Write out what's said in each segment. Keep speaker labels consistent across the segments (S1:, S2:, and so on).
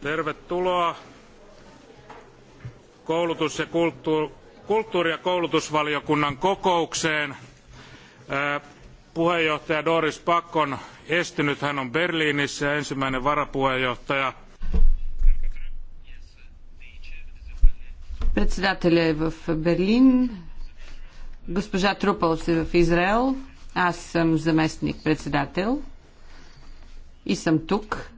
S1: Tervetuloa koulutus- ja kulttuuri- ja koulutusvaliokunnan kokoukseen. Puheenjohtaja Doris Pack estynyt, hän on Berliinissä ja ensimmäinen varapuheenjohtaja.
S2: Председателя е в Берлин, госпожа Трупълс е в Израел, аз съм заместник председател и съм тук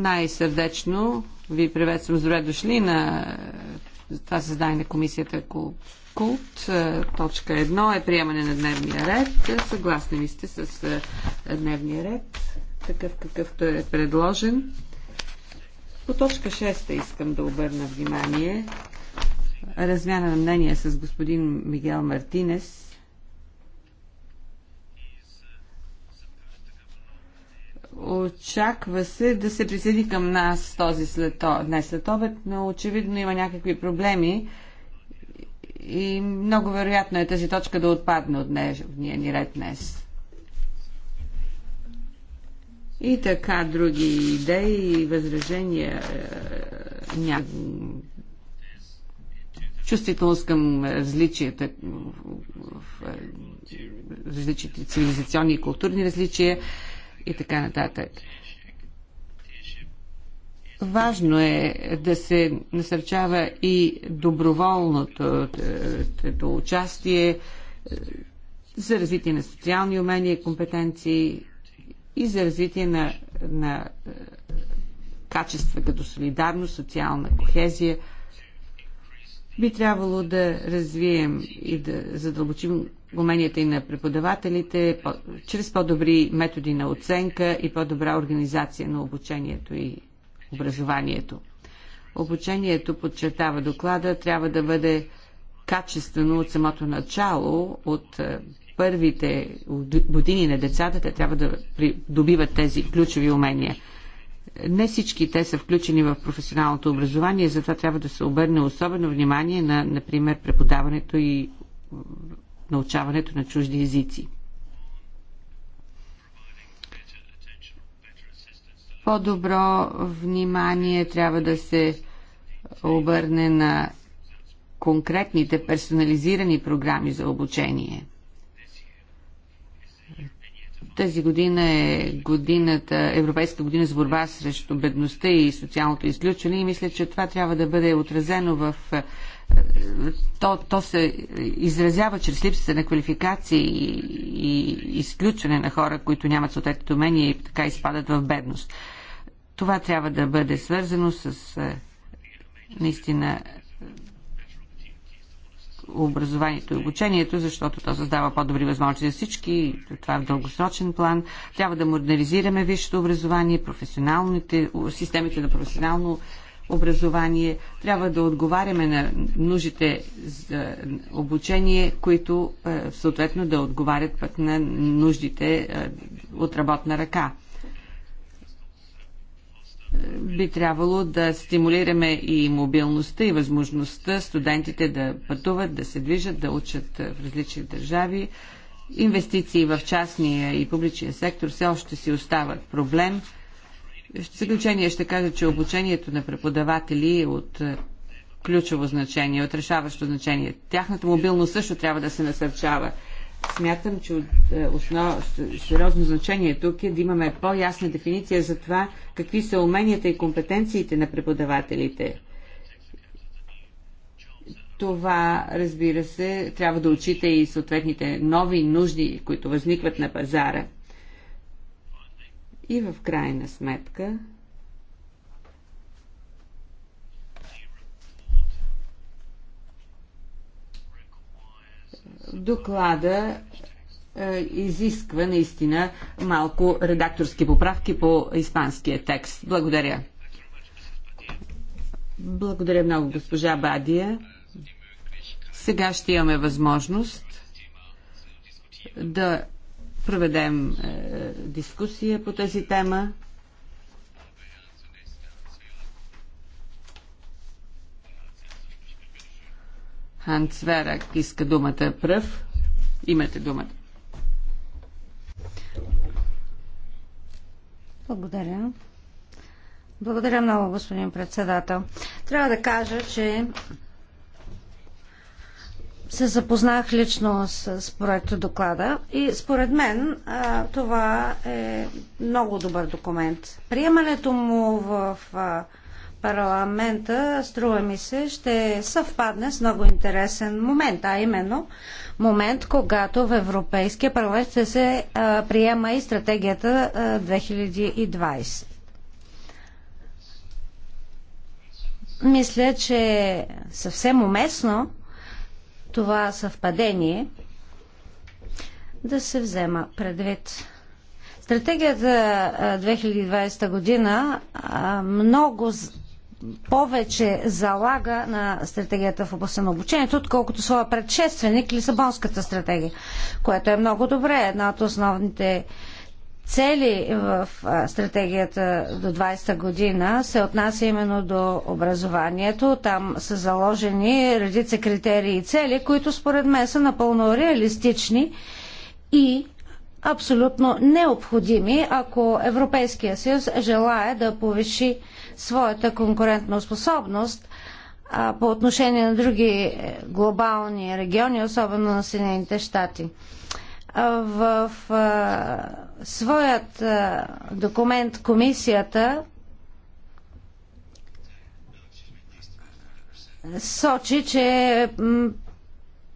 S2: най-сърдечно ви приветствам с добре дошли на е, това създание на комисията Култ. Е, точка 1 е приемане на дневния ред. Е, съгласни ли сте с дневния ред, такъв какъвто е предложен? По точка 6 искам да обърна внимание. Размяна на мнение с господин Мигел Мартинес, Очаква се да се присъди към нас този следо... днес след обед, но очевидно има някакви проблеми и много вероятно е тази точка да отпадне от дневния ни ред днес. И така, други идеи и възражения ня... чувствителност към различията в различните цивилизационни и културни различия и така нататък. Важно е да се насърчава и доброволното участие е, за развитие на социални умения и компетенции и за развитие на, на е, качества като солидарност, социална кохезия – би трябвало да развием и да задълбочим уменията и на преподавателите по, чрез по-добри методи на оценка и по-добра организация на обучението и образованието. Обучението, подчертава доклада, трябва да бъде качествено от самото начало, от е, първите години на децата, те трябва да добиват тези ключови умения не всички те са включени в професионалното образование, затова трябва да се обърне особено внимание на, например, преподаването и научаването на чужди езици. По-добро внимание трябва да се обърне на конкретните персонализирани програми за обучение. Тази година е годината, Европейска година за борба срещу бедността и социалното изключване и мисля, че това трябва да бъде отразено в е, то, то се изразява чрез липсата на квалификации и, и изключване на хора, които нямат съответните умение и така изпадат в бедност. Това трябва да бъде свързано с е, наистина образованието и обучението, защото то създава по-добри възможности за всички. Това е в дългосрочен план. Трябва да модернизираме висшето образование, професионалните, системите на професионално образование. Трябва да отговаряме на нуждите за обучение, които е, съответно да отговарят пък на нуждите е, от работна ръка би трябвало да стимулираме и мобилността и възможността студентите да пътуват, да се движат, да учат в различни държави. Инвестиции в частния и публичния сектор все още си остават проблем. В заключение ще кажа, че обучението на преподаватели е от е, ключово значение, от решаващо значение. Тяхната мобилност също трябва да се насърчава. Смятам, че е, основ... сериозно значение тук е да имаме по-ясна дефиниция за това какви са уменията и компетенциите на преподавателите. Това, разбира се, трябва да учите и съответните нови нужди, които възникват на пазара. И в крайна сметка доклада е, изисква наистина малко редакторски поправки по испанския текст. Благодаря. Благодаря много, госпожа Бадия. Сега ще имаме възможност да проведем е, дискусия по тази тема. Ханс Верак иска думата пръв. Имате думата.
S3: Благодаря. Благодаря много, господин председател. Трябва да кажа, че се запознах лично с проекта доклада и според мен а, това е много добър документ. Приемането му в а, парламента, струва ми се, ще съвпадне с много интересен момент, а именно момент, когато в Европейския парламент ще се а, приема и стратегията а, 2020. Мисля, че съвсем уместно това съвпадение да се взема предвид. Стратегията 2020 година много повече залага на стратегията в областта на обучението, отколкото своя предшественик Лисабонската стратегия, което е много добре. Една от основните цели в стратегията до 20-та година се отнася именно до образованието. Там са заложени редица критерии и цели, които според мен са напълно реалистични и абсолютно необходими, ако Европейския съюз желая да повиши своята конкурентна способност а, по отношение на други е, глобални региони, особено на Съединените щати. В а, своят а, документ комисията сочи, че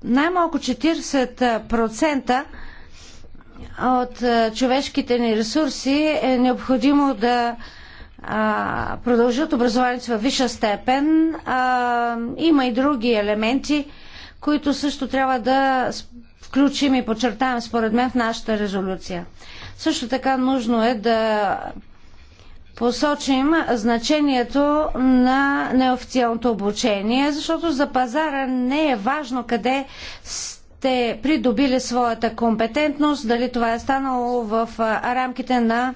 S3: най-малко 40% от човешките ни ресурси е необходимо да а, продължат образованието във висша степен. А, има и други елементи, които също трябва да включим и подчертаем според мен в нашата резолюция. Също така нужно е да посочим значението на неофициалното обучение, защото за пазара не е важно къде сте придобили своята компетентност, дали това е станало в рамките на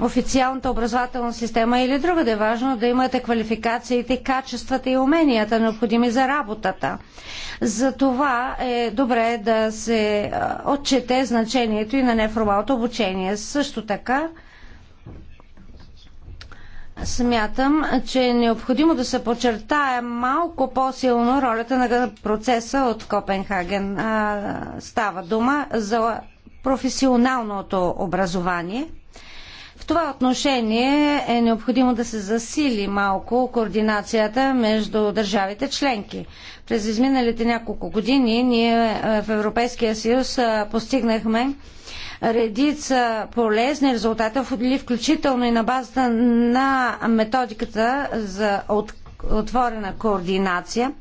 S3: официалната образователна система или друга да е Важно да имате квалификациите, качествата и уменията, необходими за работата. За това е добре да се отчете значението и на неформалното обучение. Също така, Смятам, че е необходимо да се подчертае малко по-силно ролята на процеса от Копенхаген. Става дума за професионалното образование – в това отношение е необходимо да се засили малко координацията между държавите членки. През изминалите няколко години ние е, в Европейския съюз е, постигнахме редица полезни резултати, включително и на базата на методиката за отворена координация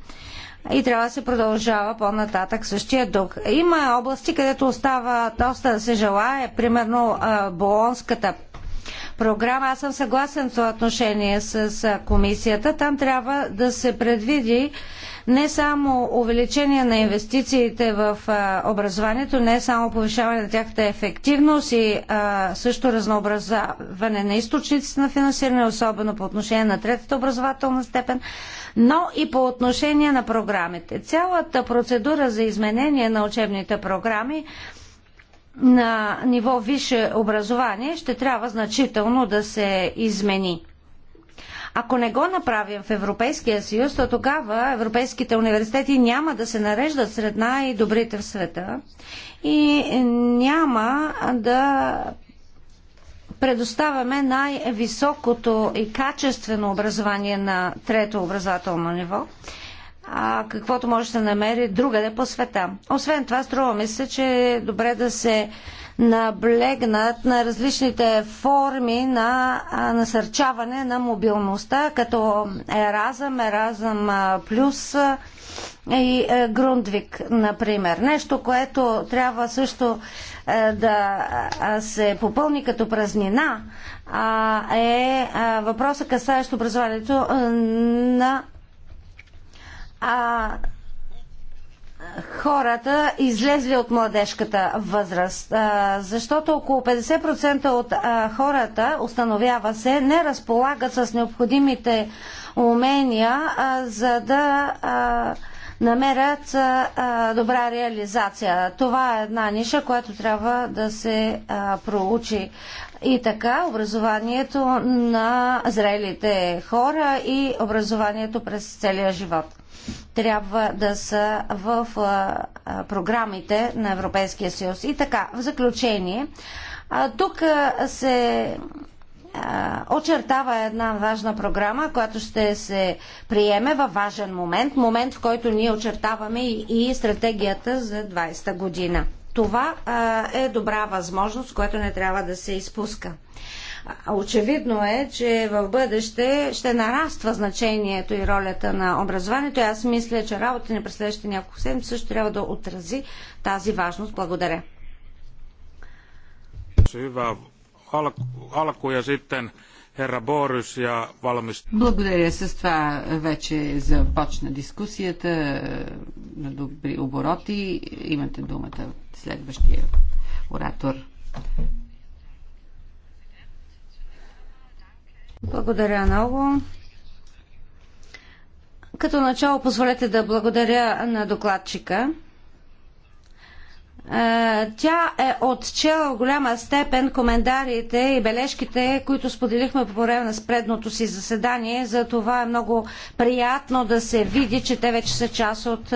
S3: и трябва да се продължава по-нататък същия дух. Има области, където остава доста да се желая, примерно е, Болонската програма. Аз съм съгласен в това отношение с комисията. Там трябва да се предвиди не само увеличение на инвестициите в образованието, не само повишаване на тяхната ефективност и а, също разнообразяване на източниците на финансиране, особено по отношение на третата образователна степен, но и по отношение на програмите. Цялата процедура за изменение на учебните програми на ниво висше образование ще трябва значително да се измени. Ако не го направим в Европейския съюз, то тогава европейските университети няма да се нареждат сред най-добрите в света и няма да предоставяме най-високото и качествено образование на трето образователно ниво а, каквото може да се намери другаде по света. Освен това, струва ми се, че е добре да се наблегнат на различните форми на насърчаване на мобилността, като Еразъм, Еразъм Плюс и Грундвик, например. Нещо, което трябва също да се попълни като празнина, е въпроса касаещ образованието на а, хората, излезли от младежката възраст. А, защото около 50% от а, хората, установява се, не разполагат с необходимите умения, а, за да а, намерят а, добра реализация. Това е една ниша, която трябва да се а, проучи и така образованието на зрелите хора и образованието през целия живот трябва да са в програмите на Европейския съюз. И така, в заключение, тук се очертава една важна програма, която ще се приеме във важен момент, момент в който ние очертаваме и стратегията за 20-та година. Това е добра възможност, която не трябва да се изпуска. Очевидно е, че в бъдеще ще нараства значението и ролята на образованието. Аз мисля, че работа ни през следващите няколко седмици също трябва да отрази тази важност. Благодаря.
S1: alku, alku ja sitten
S2: благодаря. С това вече започна дискусията е, на добри обороти. Имате думата следващия оратор.
S3: Благодаря много. Като начало позволете да благодаря на докладчика. Тя е отчела в голяма степен коментарите и бележките, които споделихме по време на спредното си заседание. За това е много приятно да се види, че те вече са част от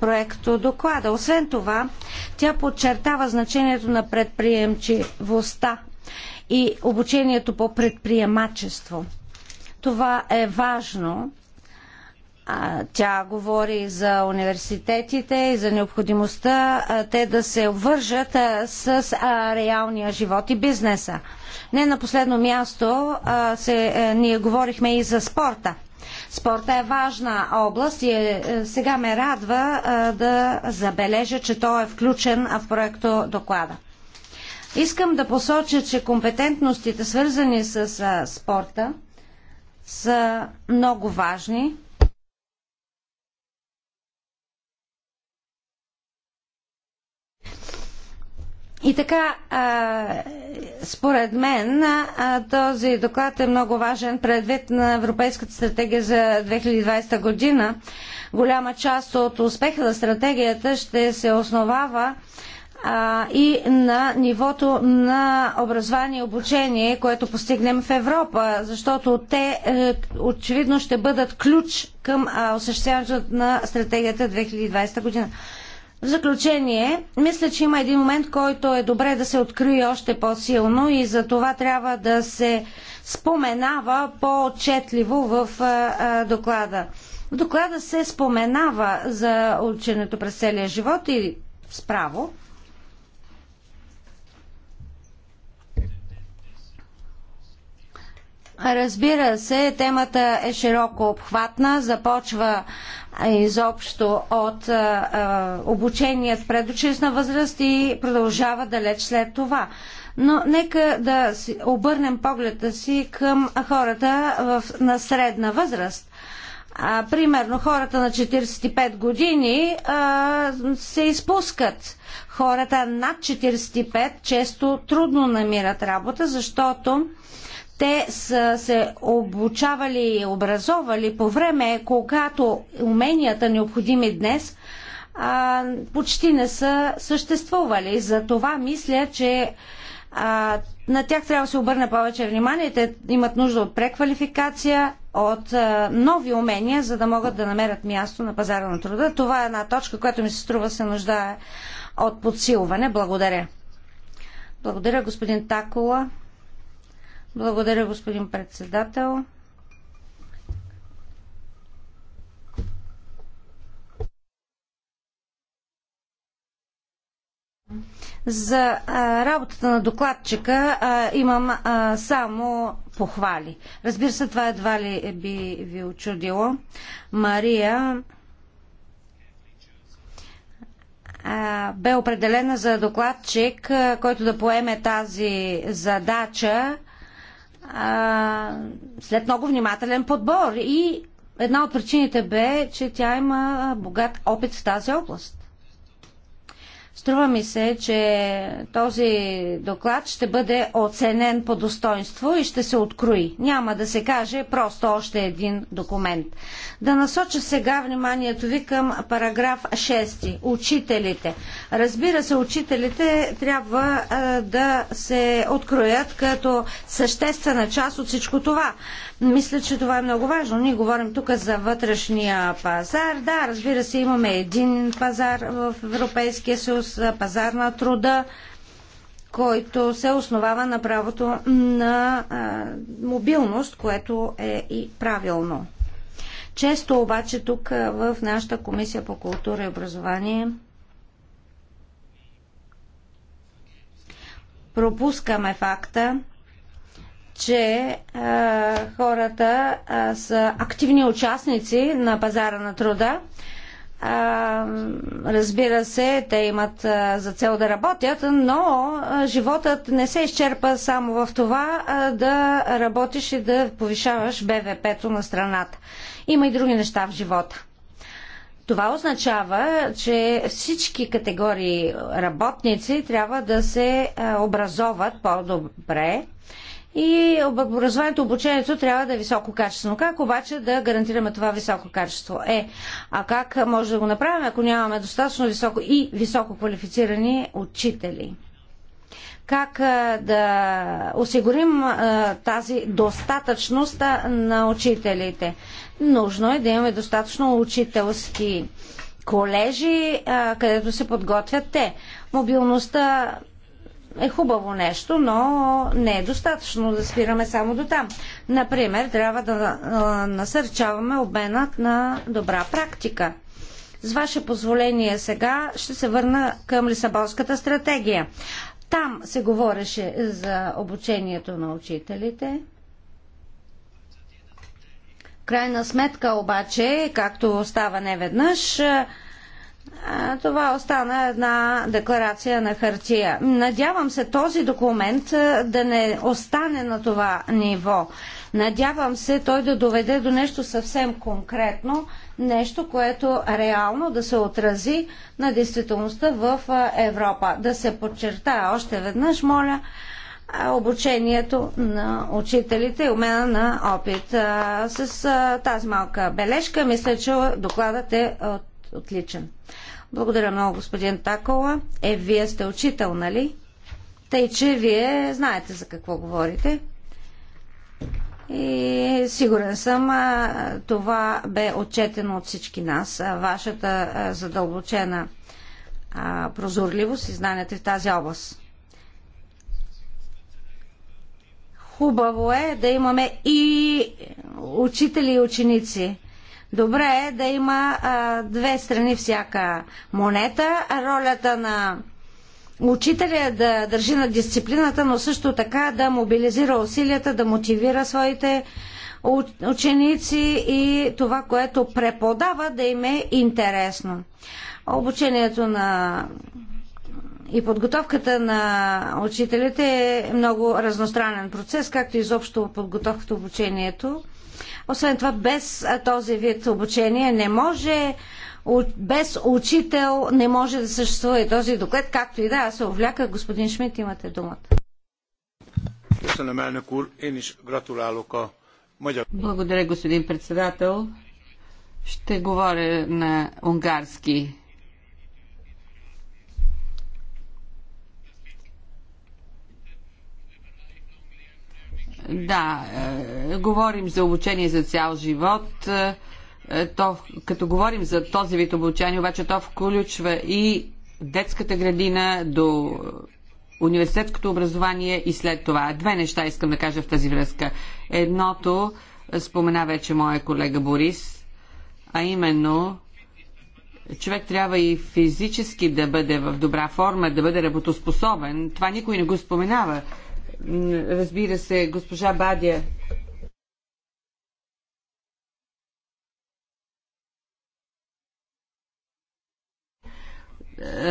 S3: проекто доклада. Освен това, тя подчертава значението на предприемчивостта и обучението по предприемачество. Това е важно, тя говори за университетите и за необходимостта те да се обвържат с реалния живот и бизнеса. Не на последно място се, е, ние говорихме и за спорта. Спорта е важна област и е, е, сега ме радва да забележа, че той е включен в проекто доклада. Искам да посоча, че компетентностите, свързани с спорта, са много важни И така, според мен, този доклад е много важен предвид на Европейската стратегия за 2020 година. Голяма част от успеха на стратегията ще се основава и на нивото на образование и обучение, което постигнем в Европа, защото те е, очевидно ще бъдат ключ към осъществяването на стратегията 2020 година. В заключение, мисля, че има един момент, който е добре да се открие още по-силно и за това трябва да се споменава по-отчетливо в доклада. В доклада се споменава за ученето през целия живот и справо. Разбира се, темата е широко обхватна, започва изобщо от а, обучение в предучилищна възраст и продължава далеч след това. Но нека да си обърнем погледа си към хората в, на средна възраст. А, примерно хората на 45 години а, се изпускат. Хората над 45 често трудно намират работа, защото те са се обучавали и образовали по време, когато уменията необходими днес а, почти не са съществували. За това мисля, че а, на тях трябва да се обърне повече внимание. Те имат нужда от преквалификация, от а, нови умения, за да могат да намерят място на пазара на труда. Това е една точка, която ми се струва се нуждае от подсилване. Благодаря. Благодаря, господин Такола. Благодаря, господин председател. За а, работата на докладчика а, имам а, само похвали. Разбира се, това едва ли би ви очудило. Мария а, бе определена за докладчик, а, който да поеме тази задача след много внимателен подбор. И една от причините бе, че тя има богат опит в тази област. Струва ми се, че този доклад ще бъде оценен по достоинство и ще се открои. Няма да се каже просто още един документ. Да насоча сега вниманието ви към параграф 6. Учителите. Разбира се, учителите трябва а, да се откроят като съществена част от всичко това. Мисля, че това е много важно. Ние говорим тук за вътрешния пазар. Да, разбира се, имаме един пазар в Европейския съюз, пазар на труда, който се основава на правото на а, мобилност, което е и правилно. Често обаче тук в нашата комисия по култура и образование пропускаме факта, че а, хората а, са активни участници на пазара на труда. А, разбира се, те имат а, за цел да работят, но а, животът не се изчерпа само в това а, да работиш и да повишаваш БВП-то на страната. Има и други неща в живота. Това означава, че всички категории работници трябва да се образоват по-добре, и образованието, обучението трябва да е високо качествено. Как обаче да гарантираме това високо качество? Е, а как може да го направим, ако нямаме достатъчно високо и високо квалифицирани учители? Как да осигурим тази достатъчност на учителите? Нужно е да имаме достатъчно учителски колежи, където се подготвят те. Мобилността е хубаво нещо, но не е достатъчно да спираме само до там. Например, трябва да насърчаваме обменът на добра практика. С ваше позволение сега ще се върна към Лисабонската стратегия. Там се говореше за обучението на учителите. Крайна сметка обаче, както става неведнъж, веднъж, това остана една декларация на хартия. Надявам се този документ да не остане на това ниво. Надявам се той да доведе до нещо съвсем конкретно, нещо, което реално да се отрази на действителността в Европа. Да се подчертая още веднъж, моля, обучението на учителите и умена на опит. С тази малка бележка мисля, че докладът е от отличен. Благодаря много, господин Такола. Е, вие сте учител, нали? Тъй, че вие знаете за какво говорите. И сигурен съм, това бе отчетено от всички нас. Вашата задълбочена прозорливост и знанията в тази област. Хубаво е да имаме и учители и ученици. Добре е да има а, две страни всяка монета. Ролята на учителя е да държи на дисциплината, но също така да мобилизира усилията, да мотивира своите ученици и това, което преподава, да им е интересно. Обучението на и подготовката на учителите е много разностранен процес, както изобщо подготовката обучението. Освен това, без този вид обучение не може без учител не може да съществува и този доклад, както и да, аз се увляка. Господин Шмидт, имате думата. Благодаря,
S2: господин председател. Ще говоря на унгарски. Да, е, говорим за обучение за цял живот. Е, е, то, като говорим за този вид обучение, обаче то включва и детската градина до университетското образование и след това. Две неща искам да кажа в тази връзка. Едното спомена вече моя колега Борис, а именно човек трябва и физически да бъде в добра форма, да бъде работоспособен. Това никой не го споменава разбира се, госпожа Бадя е,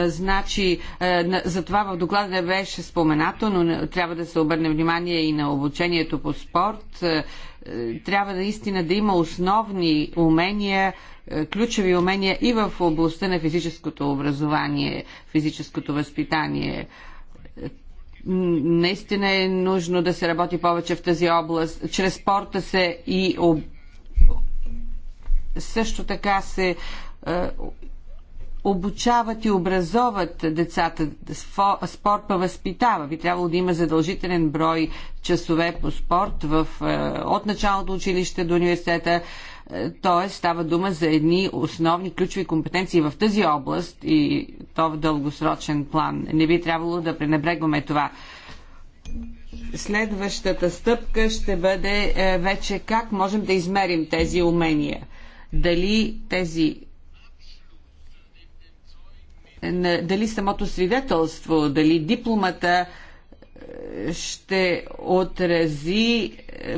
S2: значи, е, за това в доклада не беше споменато, но трябва да се обърне внимание и на обучението по спорт. Е, трябва наистина да има основни умения, ключови умения и в областта на физическото образование, физическото възпитание. Наистина е нужно да се работи повече в тази област. Чрез спорта се и об... също така се е, обучават и образоват децата. Спорт па възпитава. Ви трябвало да има задължителен брой часове по спорт в, е, от началото училище до университета т.е. става дума за едни основни ключови компетенции в тази област и то в дългосрочен план. Не би трябвало да пренебрегваме това. Следващата стъпка ще бъде е, вече как можем да измерим тези умения. Дали тези е, дали самото свидетелство, дали дипломата ще отрази е,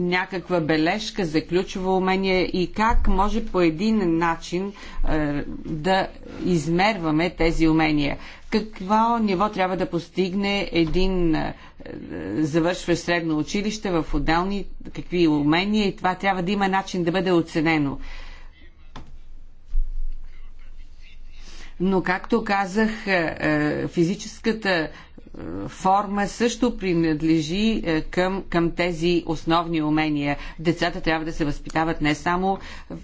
S2: някаква бележка за ключово умение и как може по един начин е, да измерваме тези умения. Какво ниво трябва да постигне един е, завършващ средно училище в отделни какви умения и това трябва да има начин да бъде оценено. Но, както казах, физическата форма също принадлежи е, към, към тези основни умения. Децата трябва да се възпитават не само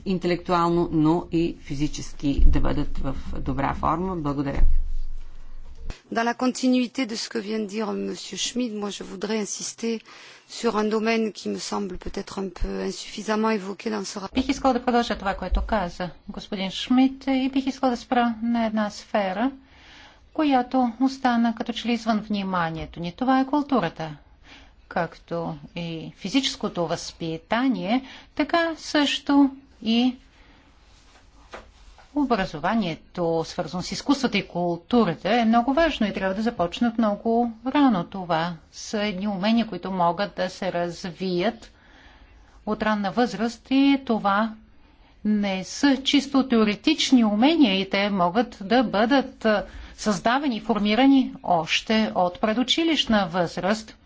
S2: интелектуално, но и физически да бъдат в добра форма. Благодаря.
S3: Dans la continuité de ce que vient de dire M.
S2: Schmid, moi je voudrais insister sur un domaine qui me semble peut-être un peu insuffisamment
S4: évoqué dans ce rapport. Бих искал да продължа това, което каза господин Шмидт и бих искал да спра на една сфера – която остана като че ли извън вниманието ни. Това е културата, както и физическото възпитание, така също и образованието, свързано с изкуствата и културата, е много важно и трябва да започнат много рано. Това са едни умения, които могат да се развият от ранна възраст и това не са чисто теоретични умения и те могат да бъдат създавани формирани още от предучилищна възраст.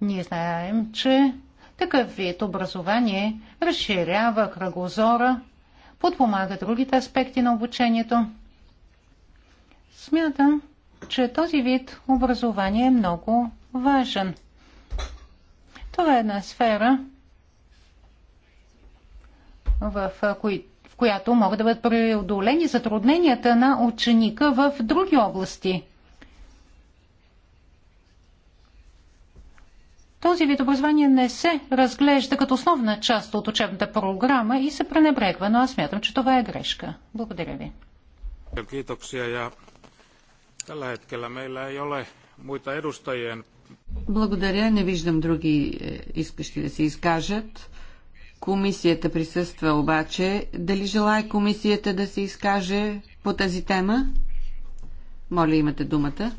S4: Ние знаем, че такъв вид образование разширява кръгозора, подпомага другите аспекти на обучението. Смятам, че този вид образование е много важен. Това е една сфера, в, която която могат да бъдат преодолени затрудненията на ученика в други области. Този вид образование не се разглежда като основна част от учебната програма и се пренебрегва, но аз смятам, че това е грешка. Благодаря ви.
S2: Благодаря. Не виждам други е, искащи да се изкажат. Комисията присъства обаче. Дали желая комисията да се изкаже по тази тема? Моля, имате думата.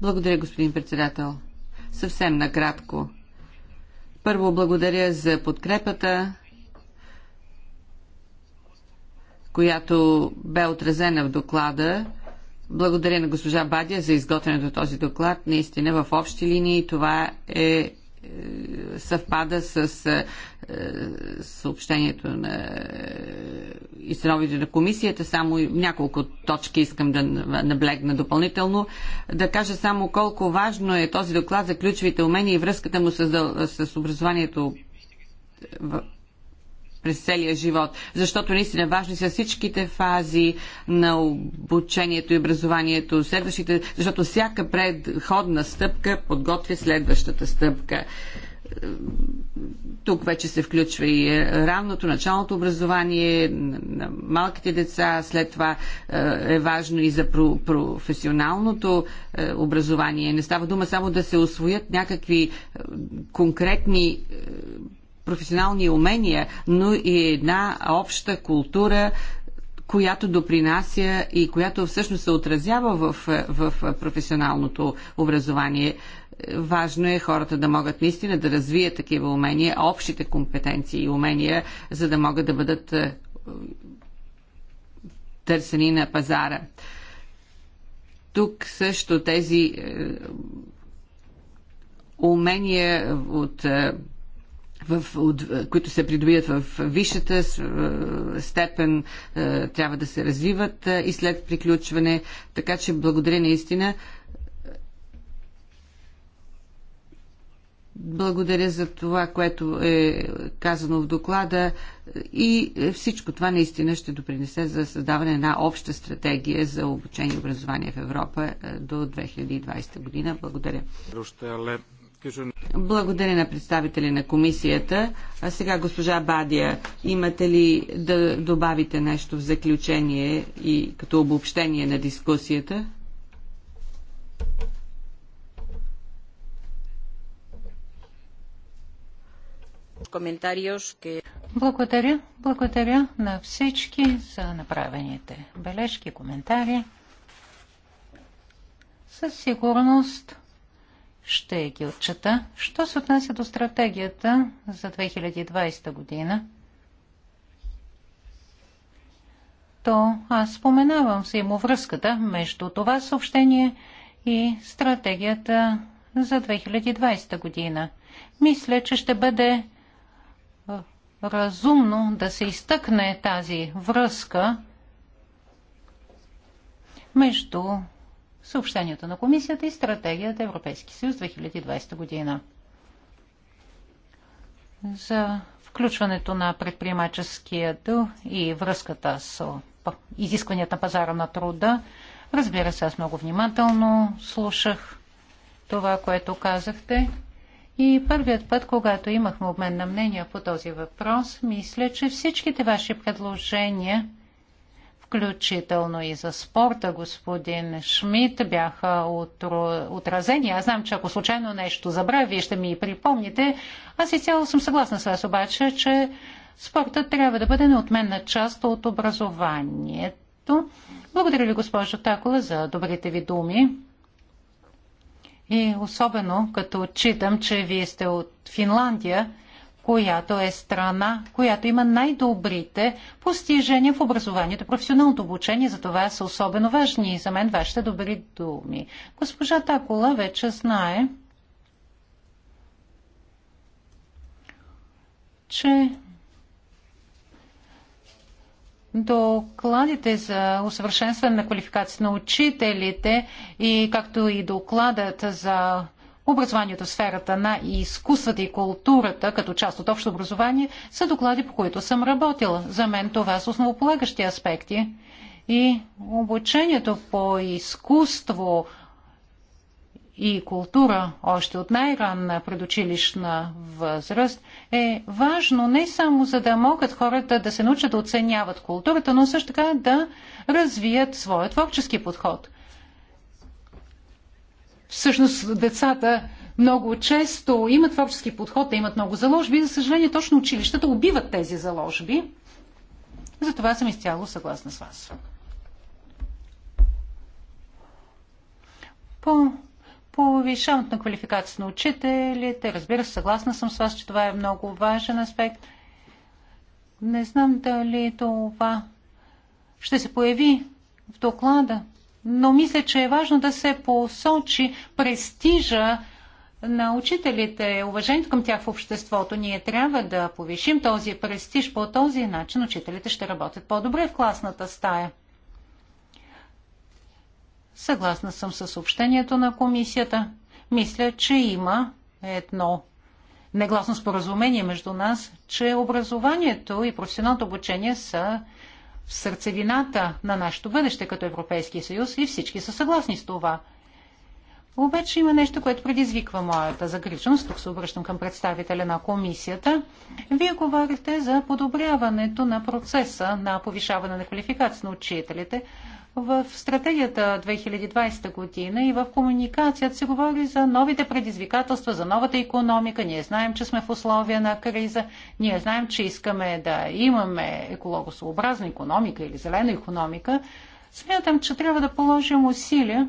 S2: Благодаря, господин председател. Съвсем накратко. Първо благодаря за подкрепата, която бе отразена в доклада. Благодаря на госпожа Бадя за изготвянето този доклад. Наистина, в общи линии това е е, съвпада с е, е, съобщението на и становите на комисията. Само няколко точки искам да наблегна допълнително. Да кажа само колко важно е този доклад за ключовите умения и връзката му с, с образованието през целия живот, защото наистина важни са всичките фази на обучението и образованието, следващите, защото всяка предходна стъпка подготвя следващата стъпка. Тук вече се включва и ранното, началното образование на малките деца, след това е, е важно и за професионалното е, образование. Не става дума само да се освоят някакви е, конкретни професионални умения, но и една обща култура, която допринася и която всъщност се отразява в, в професионалното образование. Важно е хората да могат наистина да развият такива умения, общите компетенции и умения, за да могат да бъдат е, търсени на пазара. Тук също тези е, умения от е, в, които се придобият в висшата е, степен, е, трябва да се развиват е, и след приключване. Така че благодаря наистина. Благодаря за това, което е казано в доклада и всичко това наистина ще допринесе за създаване на обща стратегия за обучение и образование в Европа до 2020 година. Благодаря. Благодаря на представители на комисията. А сега, госпожа Бадия, имате ли да добавите нещо в заключение и като обобщение на дискусията?
S4: Благодаря. Благодаря на всички за направените бележки, коментари. Със сигурност ще ги отчета. Що се отнася до стратегията за 2020 година, то аз споменавам взаимовръзката между това съобщение и стратегията за 2020 година. Мисля, че ще бъде разумно да се изтъкне тази връзка между съобщението на комисията и стратегията Европейски съюз 2020 година. За включването на предприемаческия дъл и връзката с изискванията на пазара на труда, разбира се, аз много внимателно слушах това, което казахте. И първият път, когато имахме обмен на мнения по този въпрос, мисля, че всичките ваши предложения включително и за спорта, господин Шмидт, бяха отразени. Аз знам, че ако случайно нещо забравя, вие ще ми припомните. Аз изцяло съм съгласна с вас обаче, че спортът трябва да бъде неотменна част от образованието. Благодаря ви, госпожо Такола, за добрите ви думи. И особено като читам, че вие сте от Финландия, която е страна, която има най-добрите постижения в образованието, професионалното обучение. За това са особено важни и за мен вашите добри думи. Госпожа Такола вече знае, че докладите за усъвършенстване на квалификация на учителите и както и докладът за образованието в сферата на изкуствата и културата като част от общо образование са доклади, по които съм работила. За мен това са основополагащи аспекти. И обучението по изкуство и култура още от най-ранна предучилищна възраст е важно не само за да могат хората да се научат да оценяват културата, но също така да развият своя творчески подход. Всъщност децата много често имат творчески подход, да имат много заложби. За съжаление, точно училищата убиват тези заложби. Затова съм изцяло съгласна с вас. По повишаването на квалификацията на учителите, разбира се, съгласна съм с вас, че това е много важен аспект. Не знам дали това ще се появи в доклада, но мисля, че е важно да се посочи престижа на учителите, уважението към тях в обществото. Ние трябва да повишим този престиж. По този начин учителите ще работят по-добре в класната стая. Съгласна съм с съобщението на комисията. Мисля, че има едно негласно споразумение между нас, че образованието и професионалното обучение са в сърцевината на нашето бъдеще като Европейски съюз и всички са съгласни с това. Обаче има нещо, което предизвиква моята загриженост. Тук се обръщам към представителя на комисията. Вие говорите за подобряването на процеса на повишаване на квалификация на учителите. В стратегията 2020 година и в комуникацията се говори за новите предизвикателства, за новата економика. Ние знаем, че сме в условия на криза. Ние знаем, че искаме да имаме екологосообразна економика или зелена економика. Смятам, че трябва да положим усилия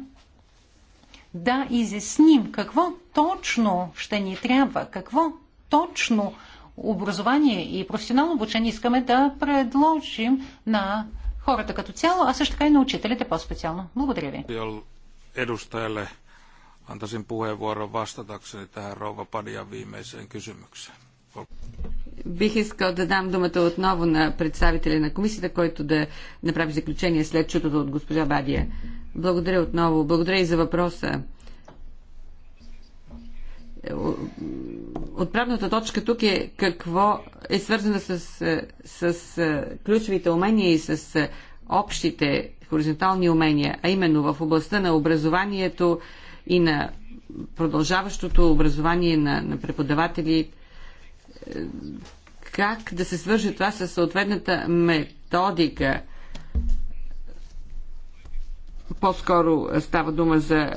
S4: да изясним какво точно ще ни трябва, какво точно образование и професионално обучение искаме да предложим на хората като цяло, а също така и на учителите по-специално. Благодаря ви.
S1: Edustajalle antaisin puheenvuoron vastatakseni tähän rouva Padian viimeiseen кysymykseen.
S2: Бих искал да дам думата отново на представителя на комисията, който да направи заключение след чутото от госпожа Бадия. Благодаря отново. Благодаря и за въпроса Отправната точка тук е какво е свързана с, е, с, с е, ключовите умения и с е, общите хоризонтални умения, а именно в областта на образованието и на продължаващото образование на, на преподаватели, как да се свържи това с съответната методика. По-скоро става дума за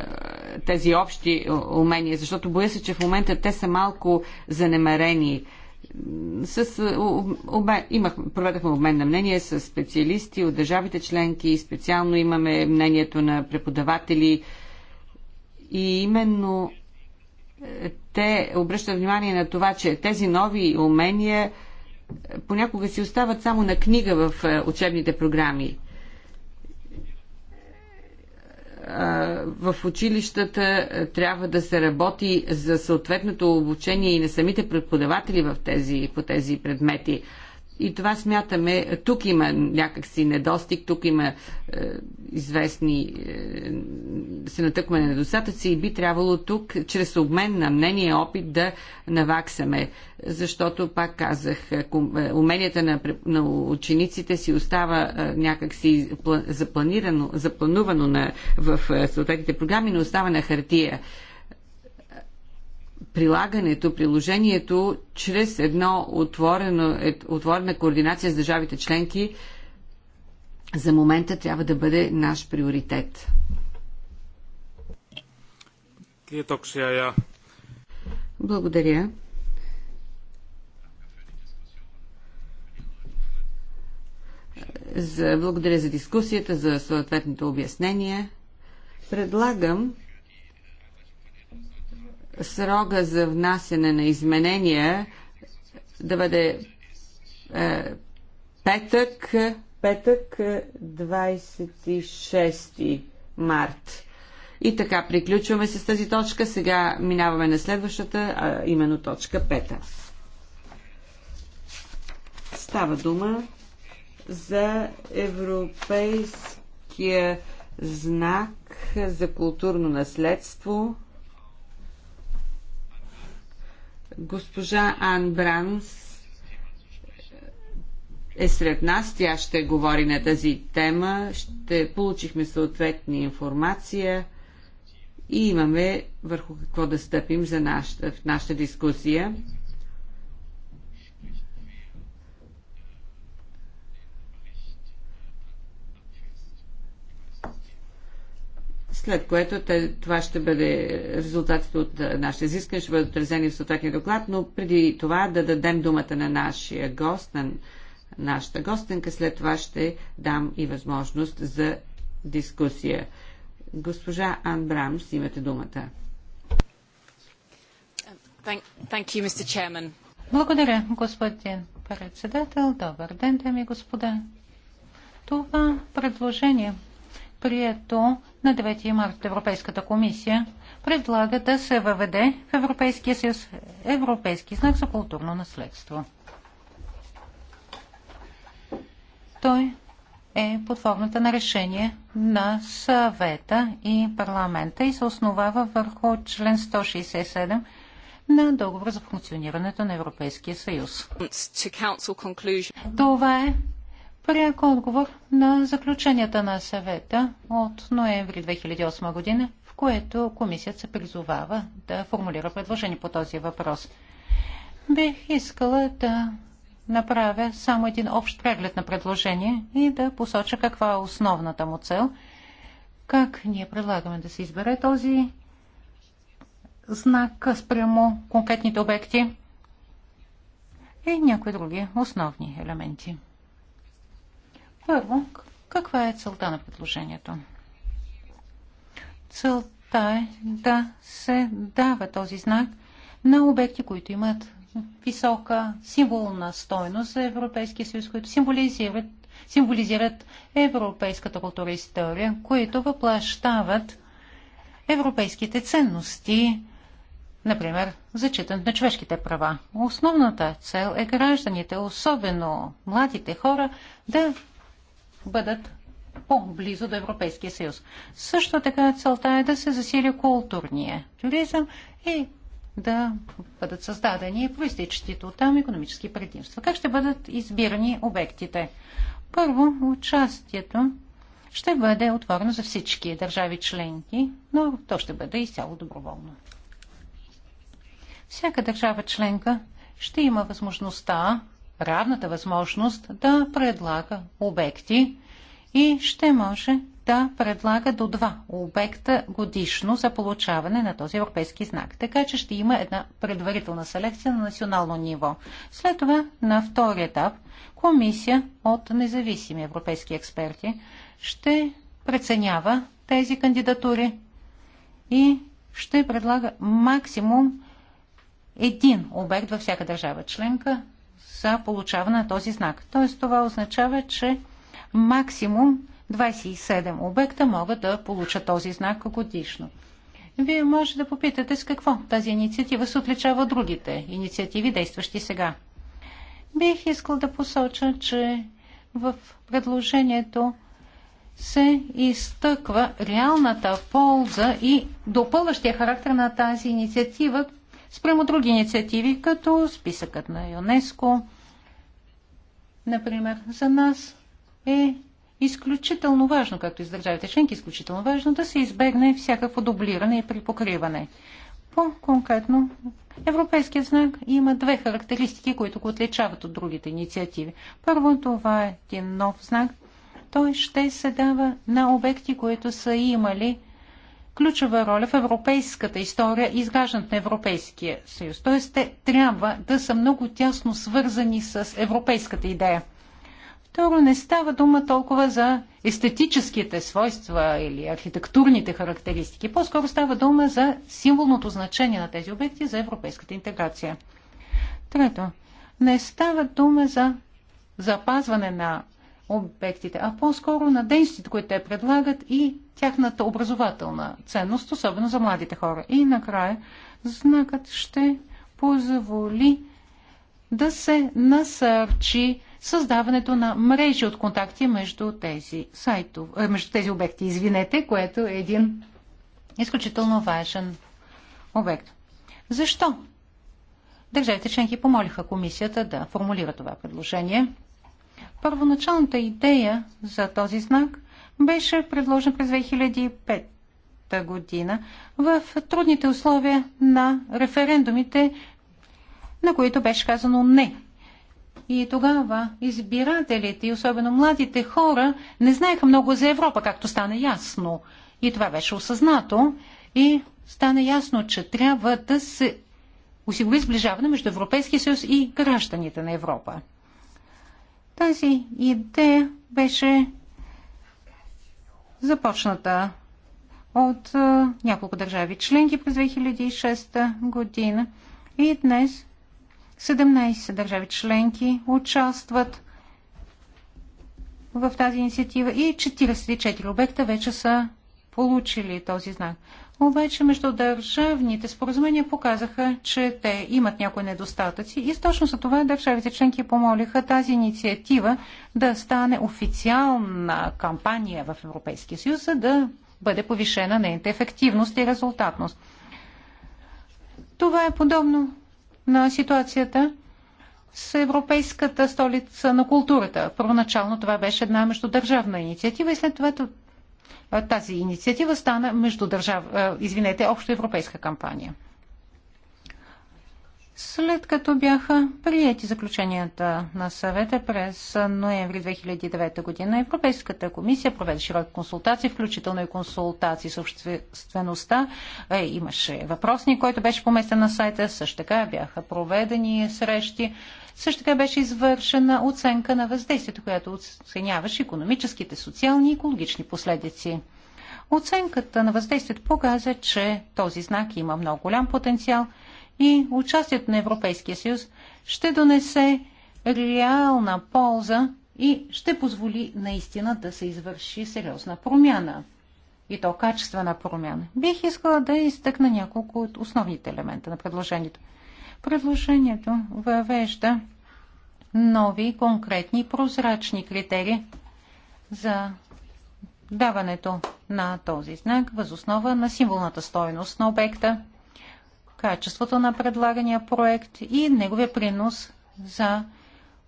S2: тези общи умения, защото боя се, че в момента те са малко занемерени. С, обе, имах, проведахме обмен на мнение с специалисти от държавите членки, специално имаме мнението на преподаватели и именно е, те обръщат внимание на това, че тези нови умения е, понякога си остават само на книга в е, учебните програми в училищата трябва да се работи за съответното обучение и на самите преподаватели в тези, по тези предмети. И това смятаме, тук има някакси недостиг, тук има е, известни, е, се натъкваме на недостатъци и би трябвало тук, чрез обмен на мнение, опит да наваксаме. Защото, пак казах, е, е, уменията на, на учениците си остава е, някакси запланирано, запланувано на, в е, съответните програми, но остава на хартия прилагането, приложението чрез едно отворено, отворена координация с държавите членки за момента трябва да бъде наш приоритет. Благодаря. За, благодаря за дискусията, за съответното обяснение. Предлагам срога за внасяне на изменения да бъде е, петък, петък 26 е, март. И така, приключваме с тази точка. Сега минаваме на следващата, а именно точка 5. Става дума за европейския знак за културно наследство – Госпожа Ан Бранс е сред нас. Тя ще говори на тази тема. Ще получихме съответни информация и имаме върху какво да стъпим за нашата, в нашата дискусия. след което те, това ще бъде резултатите от нашите изискване, ще бъдат отразени в съответния доклад, но преди това да дадем думата на нашия гост, на нашата гостенка, след това ще дам и възможност за дискусия. Госпожа Ан Брамс, имате думата.
S4: Благодаря, господин председател. Добър ден, дами и господа. Това предложение прието на 9 марта от Европейската комисия, предлага да се въведе в Европейския съюз Европейски знак за културно наследство. Той е под формата на решение на съвета и парламента и се основава върху член 167 на договор за функционирането на Европейския съюз. Това е пряк отговор на заключенията на съвета от ноември 2008 година, в което комисията се призовава да формулира предложение по този въпрос. Бих искала да направя само един общ преглед на предложение и да посоча каква е основната му цел, как ние предлагаме да се избере този знак спрямо конкретните обекти и някои други основни елементи. Първо, каква е целта на предложението? Целта е да се дава този знак на обекти, които имат висока символна стойност за Европейския съюз, които символизират, символизират европейската култура и история, които въплащават европейските ценности, например, зачитането на човешките права. Основната цел е гражданите, особено младите хора, да бъдат по-близо до Европейския съюз. Също така целта е да се засили културния туризъм и да бъдат създадени проистичащите от там економически предимства. Как ще бъдат избирани обектите? Първо, участието ще бъде отворено за всички държави членки, но то ще бъде изцяло доброволно. Всяка държава членка ще има възможността Равната възможност да предлага обекти и ще може да предлага до два обекта годишно за получаване на този европейски знак. Така че ще има една предварителна селекция на национално ниво. След това на втори етап комисия от независими европейски експерти ще преценява тези кандидатури и ще предлага максимум един обект във всяка държава членка за получаване на този знак. Т.е. това означава, че максимум 27 обекта могат да получат този знак годишно. Вие може да попитате с какво тази инициатива се отличава от другите инициативи, действащи сега. Бих искал да посоча, че в предложението се изтъква реалната полза и допълващия характер на тази инициатива спрямо други инициативи, като списъкът на ЮНЕСКО. Например, за нас е изключително важно, както и за държавите членки, изключително важно да се избегне всякакво дублиране и припокриване. По-конкретно, европейският знак има две характеристики, които го отличават от другите инициативи. Първо, това е един нов знак. Той ще се дава на обекти, които са имали ключова роля в европейската история и изграждането на Европейския съюз. Т.е. те трябва да са много тясно свързани с европейската идея. Второ, не става дума толкова за естетическите свойства или архитектурните характеристики. По-скоро става дума за символното значение на тези обекти за европейската интеграция. Трето, не става дума за запазване на обектите, а по-скоро на действите, които те предлагат и тяхната образователна ценност, особено за младите хора. И накрая знакът ще позволи да се насърчи създаването на мрежи от контакти между тези, сайтов, е, между тези обекти, извинете, което е един изключително важен обект. Защо? Държавите членки помолиха комисията да формулира това предложение – Първоначалната идея за този знак беше предложен през 2005 година в трудните условия на референдумите, на които беше казано не. И тогава избирателите, и особено младите хора, не знаеха много за Европа, както стана ясно. И това беше осъзнато. И стана ясно, че трябва да се осигури сближаване между Европейския съюз и гражданите на Европа. Тази идея беше започната от няколко държави членки през 2006 година и днес 17 държави членки участват в тази инициатива и 44 обекта вече са получили този знак. Обаче междудържавните споразумения показаха, че те имат някои недостатъци и точно за това държавите членки помолиха тази инициатива да стане официална кампания в Европейския съюз, за да бъде повишена нейната ефективност и резултатност. Това е подобно на ситуацията с Европейската столица на културата. Първоначално това беше една междудържавна инициатива и след това е, тази инициатива стана държав... Е, извинете, общоевропейска кампания. След като бяха прияти заключенията на съвета през ноември 2009 година, Европейската комисия проведе широки консултации, включително и консултации с обществеността. Е, имаше въпросник, който беше поместен на сайта. Също така бяха проведени срещи също така беше извършена оценка на въздействието, която оценяваше економическите, социални и екологични последици. Оценката на въздействието показа, че този знак има много голям потенциал и участието на Европейския съюз ще донесе реална полза и ще позволи наистина да се извърши сериозна промяна и то качествена промяна. Бих искала да изтъкна няколко от основните елемента на предложението. Предложението въвежда нови конкретни прозрачни критерии за даването на този знак възоснова на символната стойност на обекта, качеството на предлагания проект и неговия принос за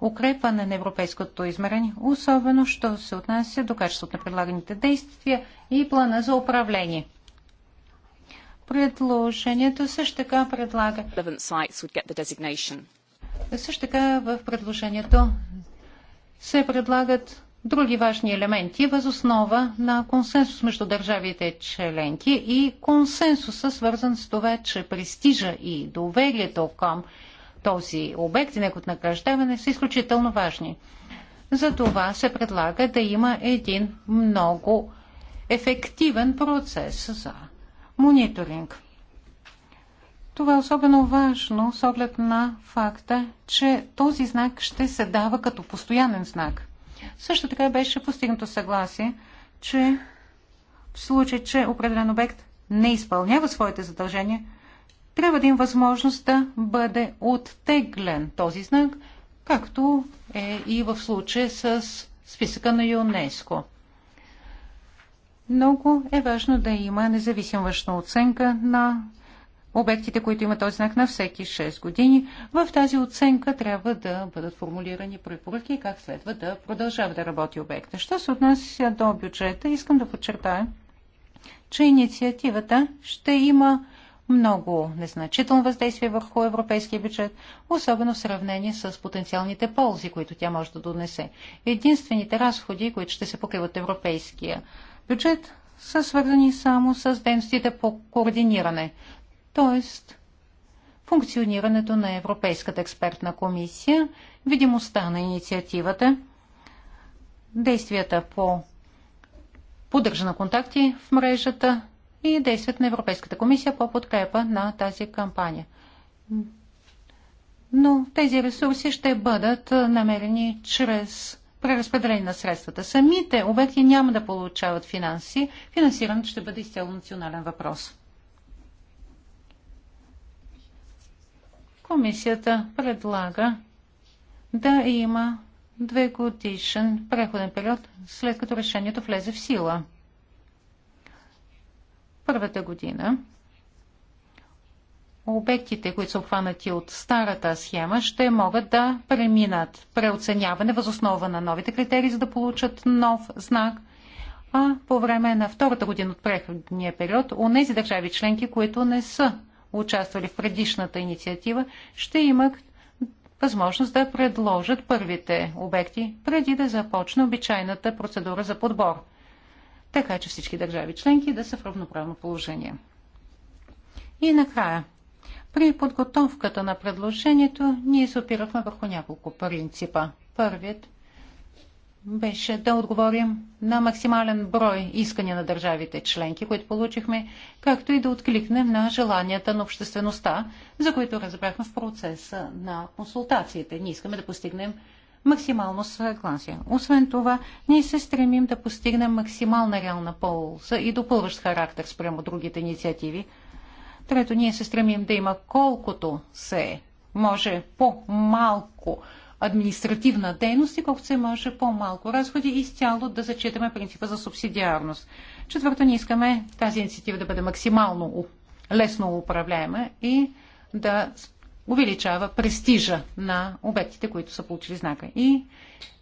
S4: укрепване на европейското измерение, особено що се отнася до качеството на предлаганите действия и плана за управление. Предложението също така предлага. Също така в предложението се предлагат други важни елементи въз основа на консенсус между държавите членки и консенсуса свързан с това, че престижа и доверието към този обект и неговото награждаване са изключително важни. За това се предлага да има един много ефективен процес за мониторинг. Това е особено важно с оглед на факта, че този знак ще се дава като постоянен знак. Също така беше постигнато съгласие, че в случай, че определен обект не изпълнява своите задължения, трябва да им възможност да бъде оттеглен този знак, както е и в случая с списъка на ЮНЕСКО. Много е важно да има независим външна оценка на обектите, които имат този знак на всеки 6 години. В тази оценка трябва да бъдат формулирани препоръки как следва да продължава да работи обекта. Що се отнася до бюджета, искам да подчертая, че инициативата ще има много незначително въздействие върху европейския бюджет, особено в сравнение с потенциалните ползи, които тя може да донесе. Единствените разходи, които ще се покриват европейския бюджет са свързани само с дейностите по координиране, т.е. функционирането на Европейската експертна комисия, видимостта на инициативата, действията по поддържа на контакти в мрежата и действията на Европейската комисия по подкрепа на тази кампания. Но тези ресурси ще бъдат намерени чрез преразпределение на средствата. Самите обекти няма да получават финанси. Финансирането ще бъде изцяло национален въпрос. Комисията предлага да има две годишен преходен период, след като решението влезе в сила. Първата година обектите, които са обхванати от старата схема, ще могат да преминат преоценяване възоснова на новите критерии, за да получат нов знак. А по време на втората година от преходния период, у нези държави членки, които не са участвали в предишната инициатива, ще имат възможност да предложат първите обекти, преди да започне обичайната процедура за подбор. Така че всички държави членки да са в равноправно положение. И накрая, при подготовката на предложението ние се опирахме върху няколко принципа. Първият беше да отговорим на максимален брой искания на държавите членки, които получихме, както и да откликнем на желанията на обществеността, за които разбрахме в процеса на консултациите. Ние искаме да постигнем максимално съгласие. Освен това, ние се стремим да постигнем максимална реална полза и допълващ характер спрямо другите инициативи – Трето, ние се стремим да има колкото се може по-малко административна дейност и колкото се може по-малко разходи и изцяло да зачитаме принципа за субсидиарност. Четвърто, ние искаме тази инициатива да бъде максимално лесно управляема и да увеличава престижа на обектите, които са получили знака. И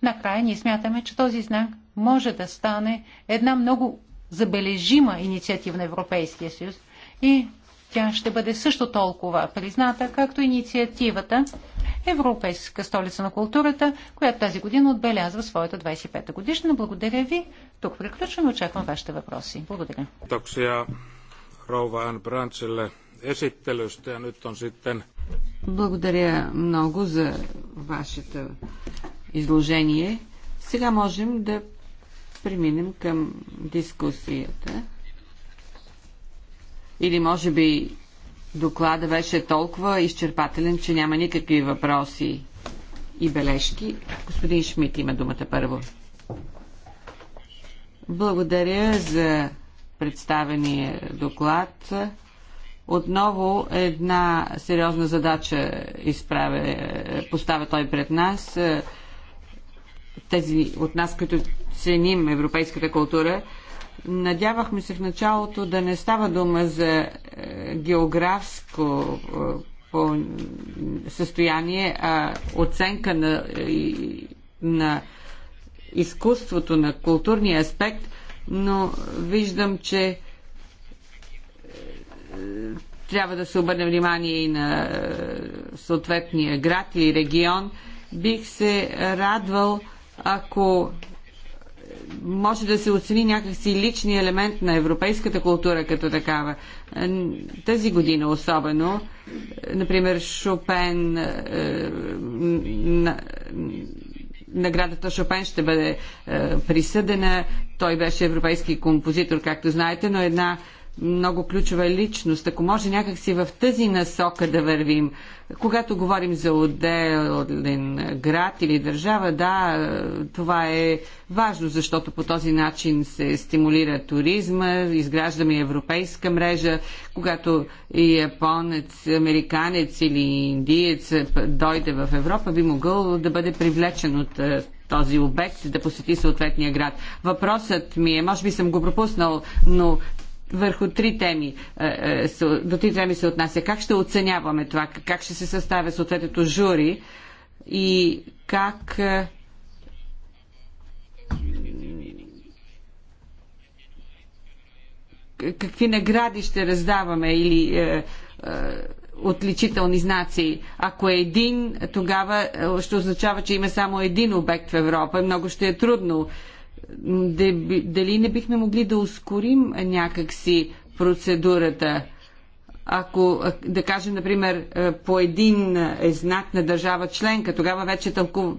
S4: накрая ние смятаме, че този знак може да стане една много забележима инициатива на Европейския съюз и тя ще бъде също толкова призната, както инициативата Европейска столица на културата, която тази година отбелязва своята 25-та годишна. Благодаря ви. Тук приключваме. Очаквам вашите въпроси. Благодаря.
S2: Благодаря много за вашето изложение. Сега можем да преминем към дискусията. Или може би доклада беше толкова изчерпателен, че няма никакви въпроси и бележки. Господин Шмидт има думата първо. Благодаря за представения доклад. Отново една сериозна задача изправя, поставя той пред нас. Тези от нас, които ценим европейската култура, Надявахме се в началото да не става дума за е, географско е, състояние, а оценка на, на изкуството, на културния аспект, но виждам, че е, трябва да се обърне внимание и на съответния град и регион. Бих се радвал, ако може да се оцени някакси личния елемент на европейската култура като такава. Тази година особено, е, например, Шопен, е, наградата Шопен ще бъде е, присъдена. Той беше европейски композитор, както знаете, но една много ключова личност. Ако може някакси в тази насока да вървим, когато говорим за отделен град или държава, да, това е важно, защото по този начин се стимулира туризма, изграждаме европейска мрежа. Когато и японец, американец или индиец дойде в Европа, би могъл да бъде привлечен от е, този обект, да посети съответния град. Въпросът ми е, може би съм го пропуснал, но върху три теми, е, е, до три теми се отнася. Как ще оценяваме това? Как ще се съставя съответното жури? И как е, какви награди ще раздаваме или е, е, отличителни знаци. Ако е един, тогава ще означава, че има само един обект в Европа. Много ще е трудно е, дали не бихме могли да ускорим някакси процедурата? ако, да кажем, например, по един е знак на държава членка, тогава вече тълкув...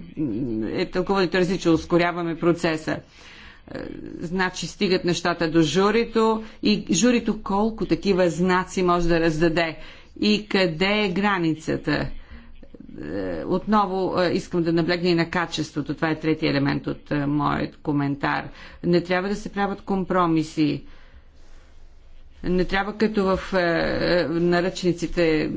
S2: е тълкуването различно, ускоряваме процеса. Значи стигат нещата до журито и журито колко такива знаци може да раздаде и къде е границата е, отново е, искам да наблегна и на качеството. Това е третия елемент от е, моят коментар. Не трябва да се правят компромиси. Не трябва като в наръчниците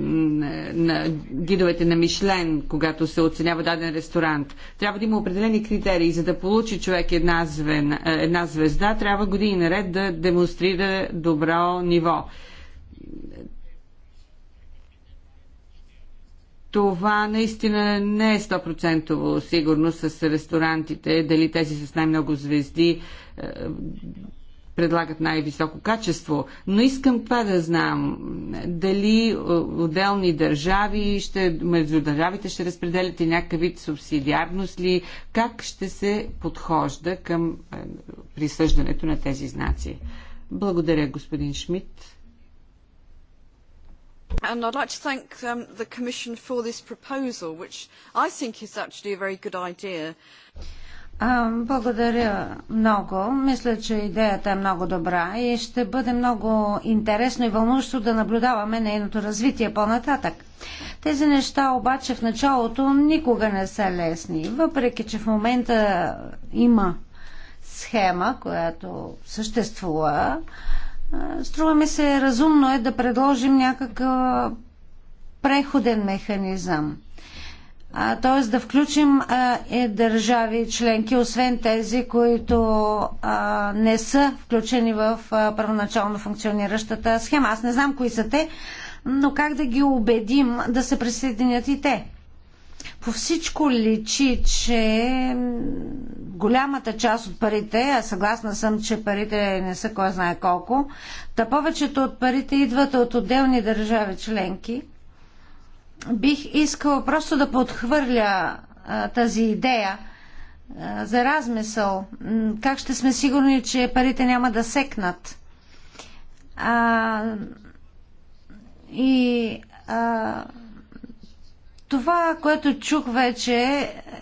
S2: на гидовете на Мишлен, когато се оценява даден ресторант. Трябва да има определени критерии. За да получи човек една, звен, една звезда, трябва години наред да демонстрира добро ниво. това наистина не е 100% сигурно с ресторантите, дали тези с най-много звезди е, предлагат най-високо качество. Но искам това да знам. Дали е, отделни държави, ще, между държавите ще разпределят и някакъв вид субсидиарност ли? Как ще се подхожда към е, присъждането на тези знаци? Благодаря, господин Шмидт. And I'd like to thank um, the Commission for this proposal, which I think is actually a very good idea.
S3: Благодаря много. Мисля, че идеята е много добра и ще бъде много интересно и вълнуващо да наблюдаваме нейното развитие по-нататък. Тези неща обаче в началото никога не са лесни, въпреки че в момента има схема, която съществува Струва ми се разумно е да предложим някакъв преходен механизъм. Т.е. да включим а, е, държави членки, освен тези, които а, не са включени в а, първоначално функциониращата схема. Аз не знам кои са те, но как да ги убедим да се присъединят и те? По всичко личи, че голямата част от парите, а съгласна съм, че парите не са кой знае колко, да повечето от парите идват от отделни държави членки. Бих искала просто да подхвърля а, тази идея а, за размисъл. Как ще сме сигурни, че парите няма да секнат? А, и а, това, което чух вече,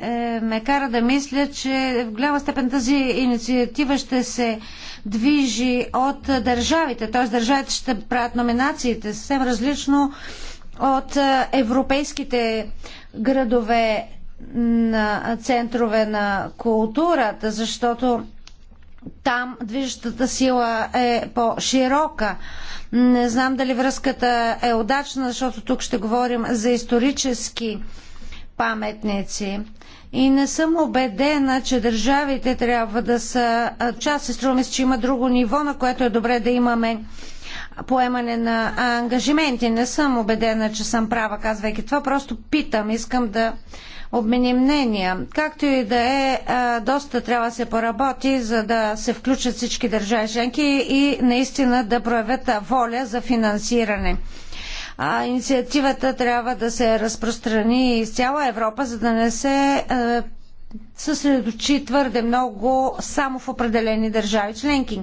S3: е, ме кара да мисля, че в голяма степен тази инициатива ще се движи от държавите, т.е. държавите ще правят номинациите съвсем различно от европейските градове на центрове на културата, защото там движещата сила е по-широка. Не знам дали връзката е удачна, защото тук ще говорим за исторически паметници. И не съм убедена, че държавите трябва да са част. Струва ми се, че има друго ниво, на което е добре да имаме поемане на ангажименти. Не съм убедена, че съм права, казвайки това. Просто питам, искам да обмени мнения. Както и да е, доста трябва да се поработи, за да се включат всички държави членки и наистина да проявят воля за финансиране. А инициативата трябва да се разпространи из цяла Европа, за да не се съсредочи твърде много само в определени държави членки.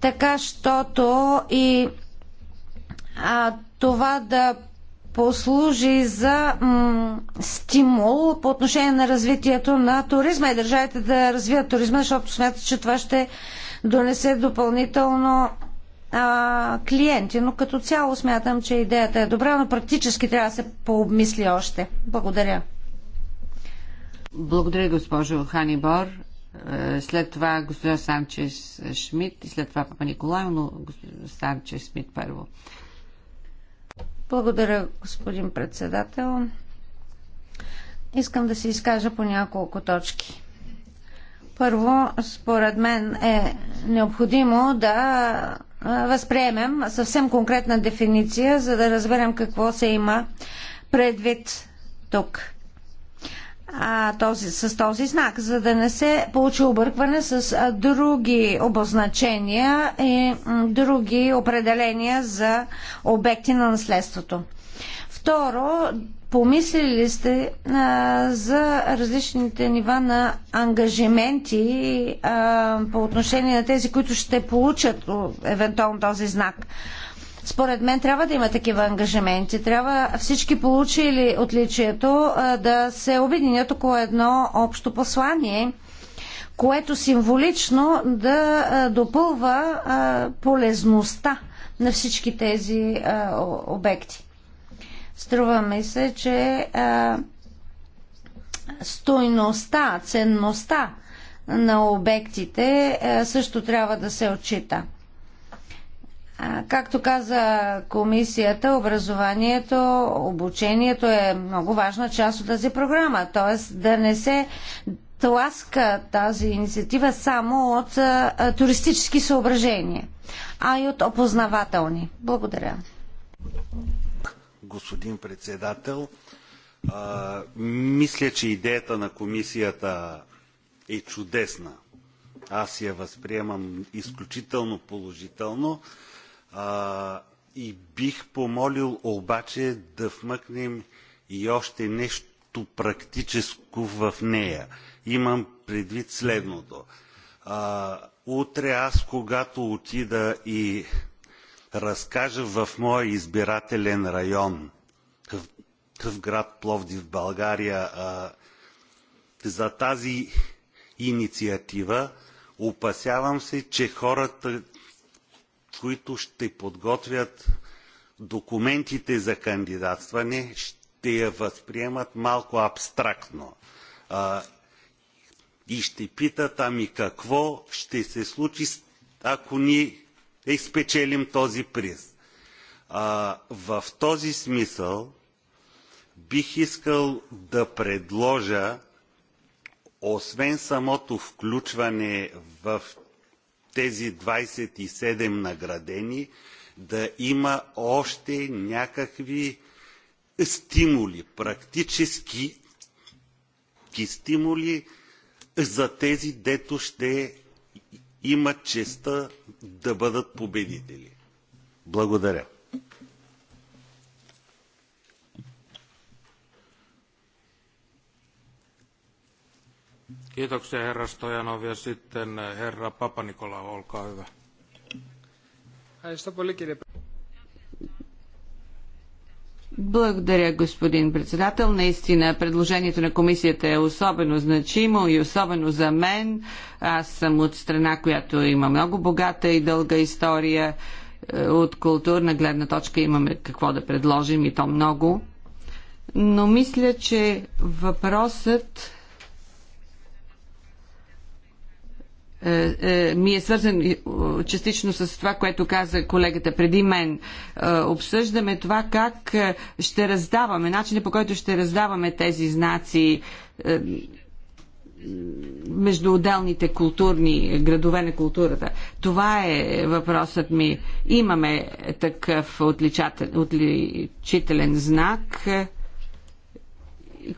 S3: Така, щото и а, това да послужи за стимул по отношение на развитието на туризма и държавите да развият туризма, защото смятат, че това ще донесе допълнително а, клиенти. Но като цяло смятам, че идеята е добра, но практически трябва да се пообмисли още. Благодаря.
S2: Благодаря, госпожо Ханибор. Е, след това госпожа Санчес Шмидт и след това папа Николай, но госпожа Санчес Шмидт първо.
S3: Благодаря, господин председател. Искам да се изкажа по няколко точки. Първо, според мен е необходимо да възприемем съвсем конкретна дефиниция, за да разберем какво се има предвид тук а, този, с този знак, за да не се получи объркване с а, други обозначения и м, други определения за обекти на наследството. Второ, помислили ли сте а, за различните нива на ангажименти а, по отношение на тези, които ще получат о, евентуално този знак? Според мен трябва да има такива ангажименти. Трябва всички получили отличието да се обединят около едно общо послание, което символично да допълва полезността на всички тези обекти. Струва ми се, че стойността, ценността на обектите също трябва да се отчита. Както каза комисията, образованието, обучението е много важна част от тази програма, т.е. да не се тласка тази инициатива само от туристически съображения, а и от опознавателни. Благодаря.
S5: Господин председател, а, мисля, че идеята на комисията е чудесна. Аз я възприемам изключително положително и бих помолил обаче да вмъкнем и още нещо практическо в нея. Имам предвид следното. утре аз, когато отида и разкажа в моя избирателен район, в, град Пловдив, България, за тази инициатива, опасявам се, че хората които ще подготвят документите за кандидатстване, ще я възприемат малко абстрактно. А, и ще питат, ами какво ще се случи, ако ни е спечелим този приз. А, в този смисъл бих искал да предложа, освен самото включване в тези 27 наградени да има още някакви стимули, практически стимули за тези, дето ще имат честа да бъдат победители. Благодаря.
S1: Kiitoksia herra Stojanov ja sitten eh, herra Papanikola, olkaa hyvä.
S2: Благодаря, господин председател. Наистина, предложението на комисията е особено значимо и особено за мен. Аз съм от страна, която има много богата и дълга история. Е, от културна гледна точка имаме какво да предложим и то много. Но мисля, че въпросът Е, е, ми е свързан е, частично с това, което каза колегата преди мен. Обсъждаме това как ще раздаваме, начинът по който ще раздаваме тези знаци между отделните културни градове на културата. Това е въпросът ми. Имаме такъв отличателен знак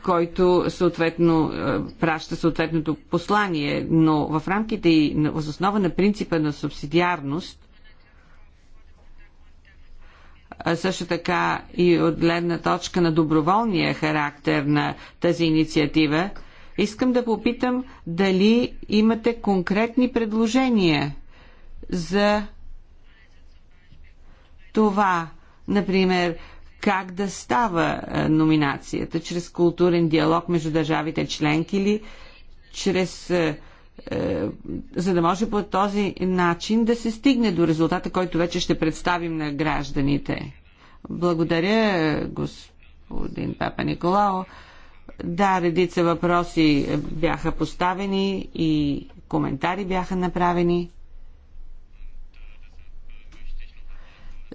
S2: който съответно е, праща съответното послание, но в рамките и въз основа на принципа на субсидиарност, също така и от гледна точка на доброволния характер на тази инициатива, искам да попитам дали имате конкретни предложения за това, например, как да става номинацията, чрез културен диалог между държавите членки или чрез за да може по този начин да се стигне до резултата, който вече ще представим на гражданите. Благодаря, господин Папа Николао. Да, редица въпроси бяха поставени и коментари бяха направени.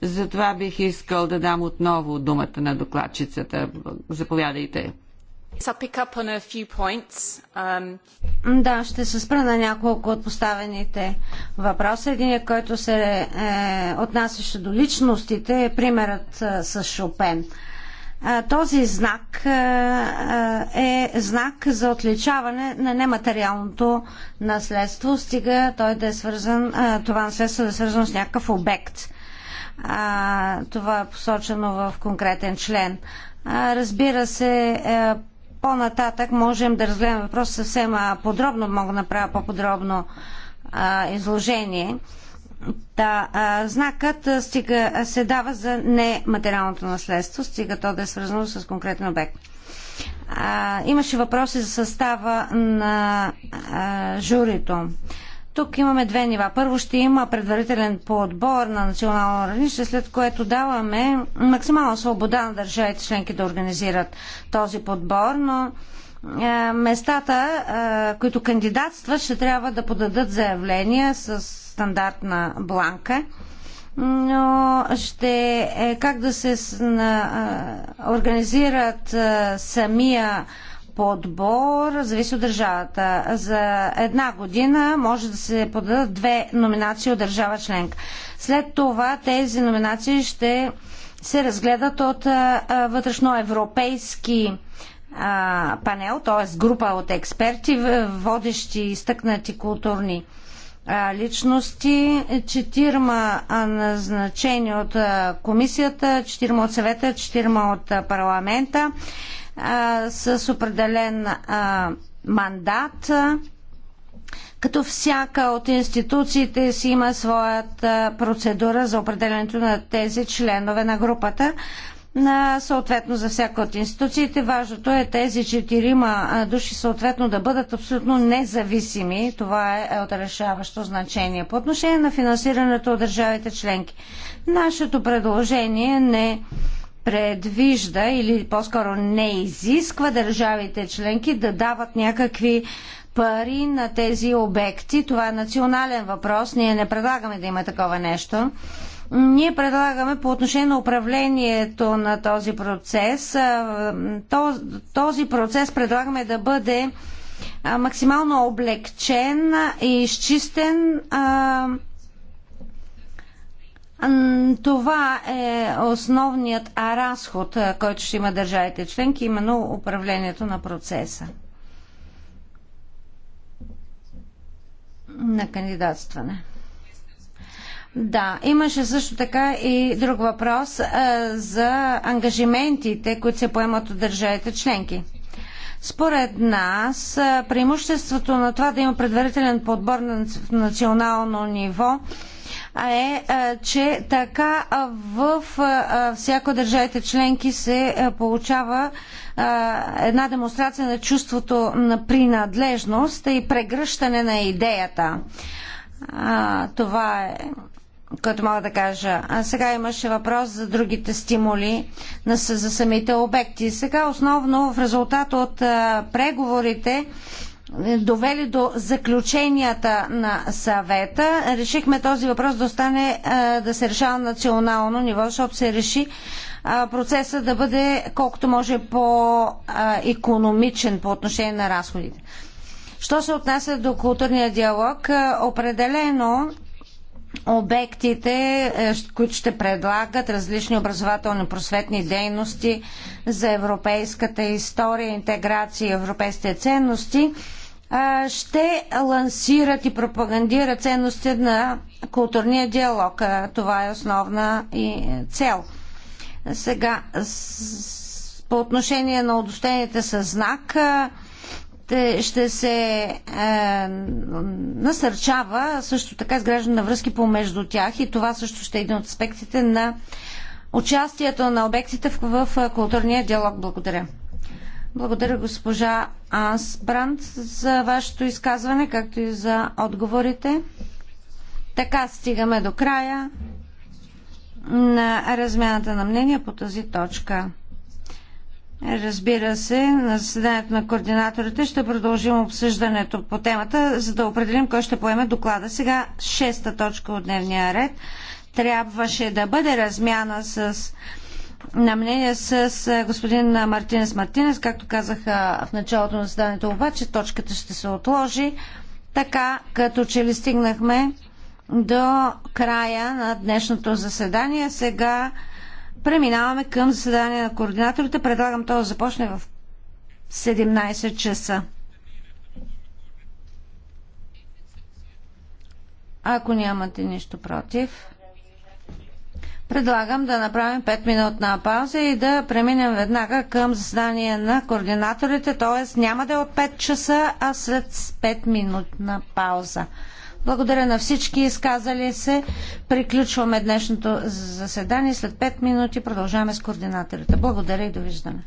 S2: Затова бих искал да дам отново думата на докладчицата. Заповядайте.
S3: Um, да, ще се спра на няколко от поставените въпроса. Един, който се е, отнасяше до личностите, е примерът е, с Шопен. Е, този знак е, е знак за отличаване на нематериалното наследство, стига той да е свързан, е, това наследство да е свързано с някакъв обект а, това е посочено в конкретен член. А, разбира се, е, по-нататък можем да разгледаме въпрос съвсем а, подробно, мога да направя по-подробно изложение. Да, а, знакът стига, се дава за нематериалното наследство, стига то да е свързано с конкретен обект. А, имаше въпроси за състава на а, журито. Тук имаме две нива. Първо ще има предварителен подбор на национално равнище, след което даваме максимална свобода на държавите членки да организират този подбор, но е, местата, е, които кандидатстват, ще трябва да подадат заявления с стандартна бланка. Но ще е как да се е, организират самия подбор зависи от държавата. За една година може да се подадат две номинации от държава членка. След това тези номинации ще се разгледат от вътрешноевропейски панел, т.е. група от експерти, водещи стъкнати културни личности, четирма назначени от комисията, четирма от съвета, четирма от парламента а, с определен а, мандат, като всяка от институциите си има своята процедура за определенето на тези членове на групата. На, съответно за всяка от институциите. Важното е тези четирима души съответно да бъдат абсолютно независими. Това е, е от решаващо значение. По отношение на финансирането от държавите членки. Нашето предложение е не предвижда или по-скоро не изисква държавите членки да дават някакви пари на тези обекти. Това е национален въпрос. Ние не предлагаме да има такова нещо. Ние предлагаме по отношение на управлението на този процес. Този процес предлагаме да бъде максимално облегчен и изчистен това е основният разход, който ще има държавите членки, именно управлението на процеса на кандидатстване. Да, имаше също така и друг въпрос а, за ангажиментите, които се поемат от държавите членки. Според нас, преимуществото на това да има предварителен подбор на национално ниво е, че така в всяко държавите членки се получава една демонстрация на чувството на принадлежност и прегръщане на идеята. Това е което мога да кажа. А сега имаше въпрос за другите стимули на, за самите обекти. Сега основно в резултат от а, преговорите довели до заключенията на съвета. Решихме този въпрос да остане да се решава на национално ниво, защото се реши процеса да бъде колкото може по-економичен по отношение на разходите. Що се отнася до културния диалог, определено обектите, които ще предлагат различни образователни просветни дейности за европейската история, интеграция и европейските ценности, ще лансират и пропагандират ценности на културния диалог. Това е основна и цел. Сега, по отношение на удостоените с знак, ще се е, насърчава също така изграждане на връзки помежду тях и това също ще е един от аспектите на участието на обектите в, в културния диалог. Благодаря. Благодаря госпожа Ансбранд за вашето изказване, както и за отговорите. Така стигаме до края на размяната на мнения по тази точка. Разбира се, на заседанието на координаторите ще продължим обсъждането по темата, за да определим кой ще поеме доклада. Сега шеста точка от дневния ред трябваше да бъде размяна с на мнение с господин Мартинес Мартинес. Както казаха в началото на заседанието, обаче точката ще се отложи, така като че ли стигнахме до края на днешното заседание. Сега преминаваме към заседание на координаторите. Предлагам то да започне в 17 часа. Ако нямате нищо против. Предлагам да направим 5 минутна пауза и да преминем веднага към заседание на координаторите, т.е. няма да е от 5 часа, а след 5 минутна пауза. Благодаря на всички изказали се. Приключваме днешното заседание. След 5 минути продължаваме с координаторите. Благодаря и довиждане.